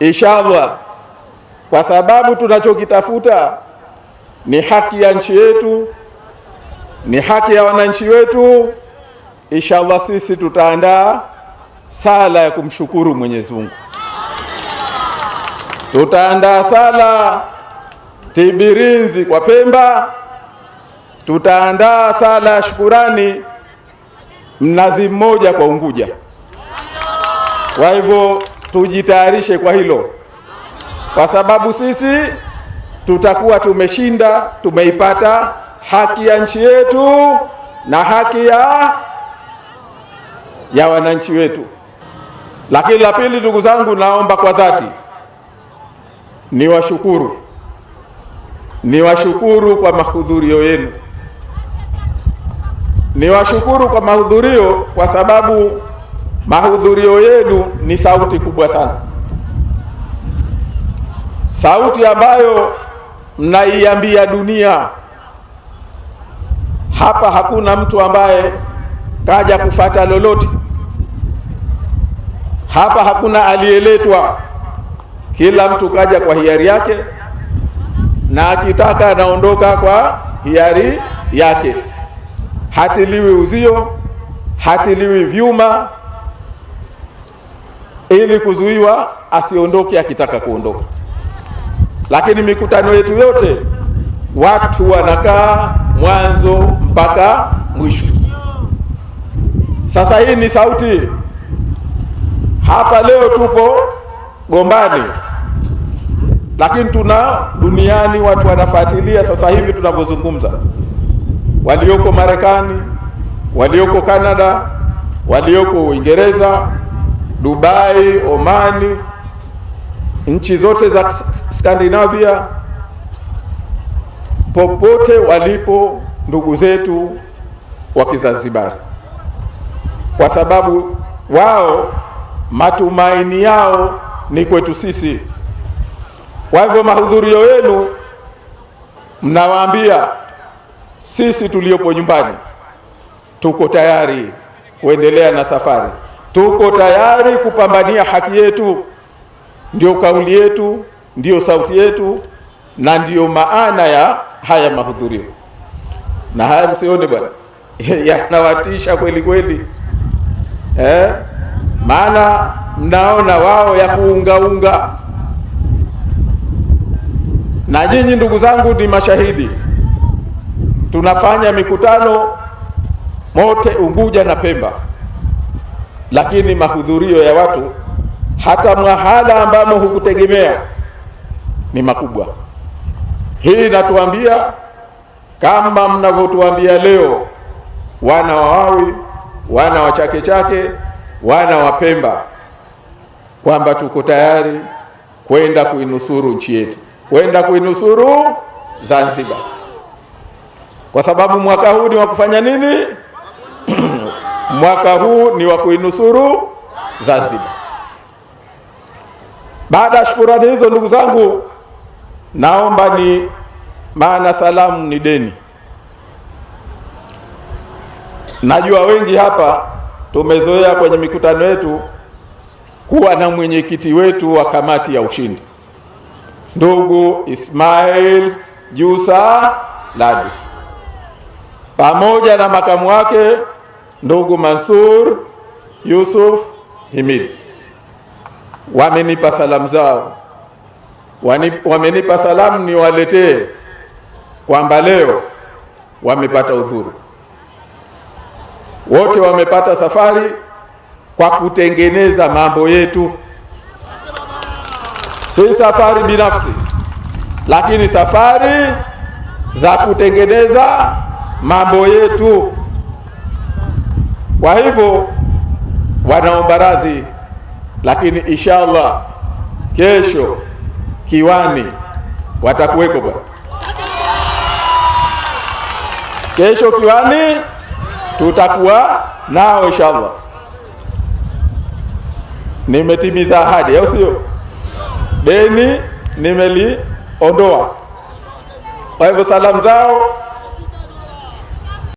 inshallah, kwa sababu tunachokitafuta ni haki ya nchi yetu, ni haki ya wananchi wetu. Inshallah, sisi tutaandaa sala ya kumshukuru Mwenyezi Mungu, tutaandaa sala Tibirinzi kwa Pemba, tutaandaa sala ya shukurani Mnazi Mmoja kwa Unguja. Kwa hivyo tujitayarishe kwa hilo, kwa sababu sisi tutakuwa tumeshinda, tumeipata haki ya nchi yetu na haki ya ya wananchi wetu. Lakini la pili, ndugu zangu, naomba kwa dhati niwashukuru, niwashukuru kwa mahudhurio yenu, niwashukuru kwa mahudhurio kwa sababu mahudhurio yenu ni sauti kubwa sana, sauti ambayo mnaiambia dunia hapa hakuna mtu ambaye kaja kufata lolote. Hapa hakuna aliyeletwa, kila mtu kaja kwa hiari yake, na akitaka anaondoka kwa hiari yake. Hatiliwi uzio, hatiliwi vyuma, ili kuzuiwa asiondoke akitaka kuondoka. Lakini mikutano yetu yote watu wanakaa mwanzo mpaka mwisho. Sasa hii ni sauti hapa. Leo tupo Gombani, lakini tuna duniani watu wanafuatilia sasa hivi tunavyozungumza, walioko Marekani, walioko Kanada, walioko Uingereza Dubai, Omani, nchi zote za Skandinavia, popote walipo ndugu zetu wa Kizanzibari, kwa sababu wao matumaini yao ni kwetu sisi. Kwa hivyo mahudhurio yenu mnawaambia sisi tuliopo nyumbani tuko tayari kuendelea na safari tuko tayari kupambania haki yetu. Ndio kauli yetu, ndio sauti yetu, na ndiyo maana ya haya mahudhurio. Na haya msione bwana yanawatisha kweli kweli, eh? Maana mnaona wao ya kuungaunga, na nyinyi ndugu zangu ni mashahidi. Tunafanya mikutano mote Unguja na Pemba lakini mahudhurio ya watu hata mwahala ambamo hukutegemea ni makubwa. Hii inatuambia kama mnavyotuambia leo, wana wa Wawi, wana wa Chake Chake, wana wa Pemba, kwamba tuko tayari kwenda kuinusuru nchi yetu, kwenda kuinusuru Zanzibar, kwa sababu mwaka huu ni wa kufanya nini? mwaka huu ni wa kuinusuru Zanzibar. Baada ya shukurani hizo, ndugu zangu, naomba ni maana salamu ni deni. Najua wengi hapa tumezoea kwenye mikutano yetu kuwa na mwenyekiti wetu wa kamati ya ushindi ndugu Ismail Jusa Ladi pamoja na makamu wake ndugu Mansur Yusuf Himid wamenipa salamu zao, wamenipa salamu niwaletee kwamba leo wamepata udhuru wote, wamepata safari kwa kutengeneza mambo yetu, si safari binafsi, lakini safari za kutengeneza mambo yetu. Kwa hivyo wanaomba radhi, lakini inshallah kesho kiwani watakuweko bwana. Kesho kiwani tutakuwa nao inshallah. Nimetimiza ahadi, au sio? Deni nimeliondoa. Kwa hivyo salamu zao